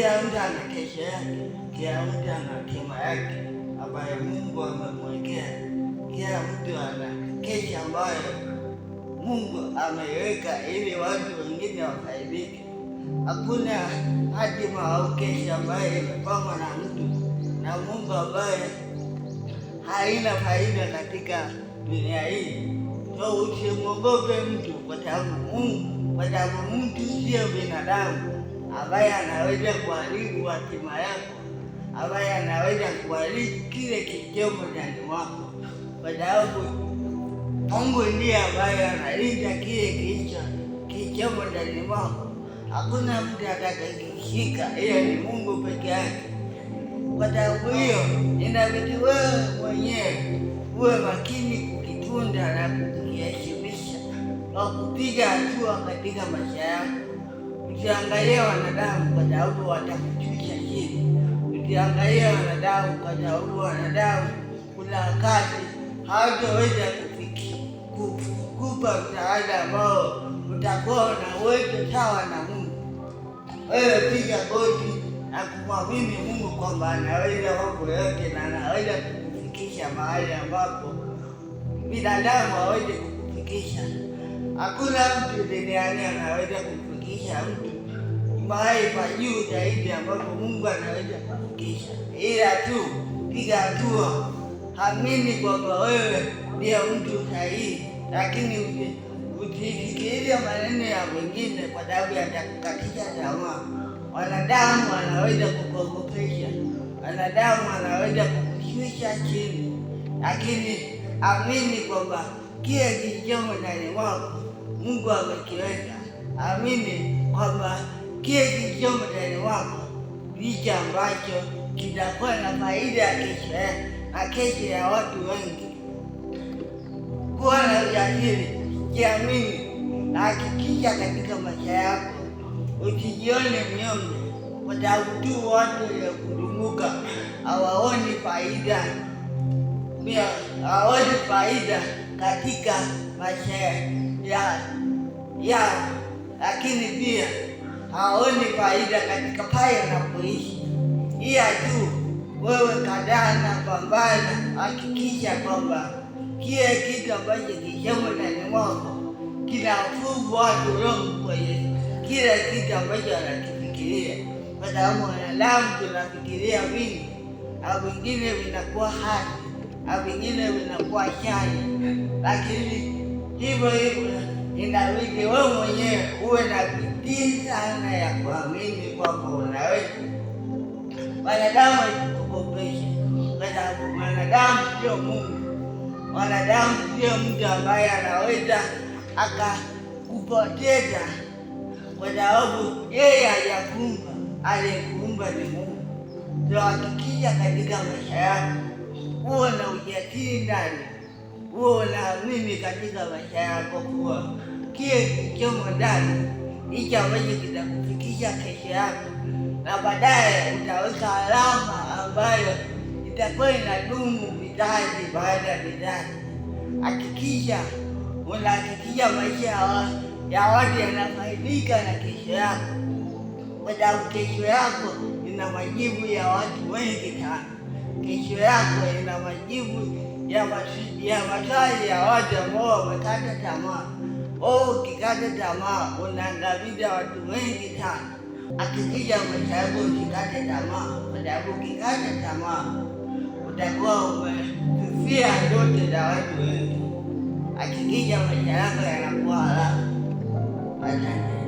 Kila mtu ana kesho yake, kila mtu ana hatima yake ambayo Mungu amemwekea. Kila mtu ana kesho ambayo Mungu ameiweka ili watu wengine wafaidike. Hakuna hatima au kesho ambayo imepangwa na mtu na Mungu ambaye haina faida katika dunia hii. So usimwogope mtu, kwa sababu Mungu, kwa sababu mtu sio binadamu ambaye anaweza kuharibu hatima yako, ambaye anaweza kuharibu kile kilichomo ndani mwako, kwa sababu Mungu ndiye ambaye analinda kile kiicha kilichomo ndani mwako. Hakuna mtu atakayekishika, hiyo ni Mungu peke yake. Kwa sababu hiyo, inabidi wewe mwenyewe uwe makini kukitunda na kukiheshimisha kwa kupiga hatua katika maisha yako. Usiangalie wanadamu kwa sababu watakuchukia chini. Usiangalie wanadamu kwa sababu wanadamu kuna wakati hawataweza kukupa msaada ambao utakuwa na uwezo sawa na Mungu. Wewe piga goti na kumwamini Mungu kwamba anaweza mambo yote na anaweza kukufikisha mahali ambapo binadamu hawezi kukufikisha. Hakuna mtu duniani anaweza kumfikisha mtu mahali pa juu zaidi ambapo Mungu anaweza kufikisha, ila tu piga hatua, amini kwamba wewe ndiye mtu sahihi, lakini usisikilize maneno ya wengine kwa sababu yatakukatisha tamaa. Wanadamu anaweza kukuogopesha, wanadamu anaweza kukushusha chini, lakini amini kwamba kile kilichomo ndani mwako Mungu amekiweka. Amini kwamba kile kilicho ndani wako ndicho ambacho kitakuwa na faida ya kesho eh, na kesho ya watu wengi. Kuwa na ujasiri, jiamini na hakikisha katika maisha yako, usijione mnyonge kwa sababu tu watu waliokuzunguka hawaoni faida hawaoni faida katika maisha yako ya ya, lakini pia haoni faida katika pale anapoishi. Iya tu wewe kadana pambana, hakikisha kwamba kile kitu ambacho kisemo ndani mwako kinafungwa roho kwa Yesu, kila kitu ambacho anakifikiria, kwa sababu wanadamu tunafikiria vingi, a vingine vinakuwa hasi, a vingine vinakuwa shari, lakini hivyo hivyo inabidi wewe mwenyewe uwe na bidii sana ya kuamini kwamba unaweza. Wanadamu walitukopesha, kwa sababu mwanadamu sio Mungu. Mwanadamu sio mtu ambaye anaweza akakupoteza, kwa sababu yeye hajakuumba, aliyekuumba ni Mungu. Ndio, katika maisha yako uwe na ujasiri ndani uwe mimi katika maisha yako, kuwa kile kichomo ndani hicho ambacho kitakufikisha kesho yako, na baadaye utaweka alama ambayo itakuwa inadumu vizazi baada ya vizazi. Hakikisha unahakikisha maisha ya watu yanafaidika na kesho yako, kwa sababu kesho yako ina majibu ya watu wengi sana kesho yako ina majibu ya maswali ya watu ambao wamekata tamaa. Oh, ukikata tamaa unaangamiza watu wengi sana. Akikija maisha yako usikate tamaa, kwa sababu ukikata tamaa utakuwa umefifia ndoto za watu wengi. Akikija maisha yako yanakuwa haramu. Asante.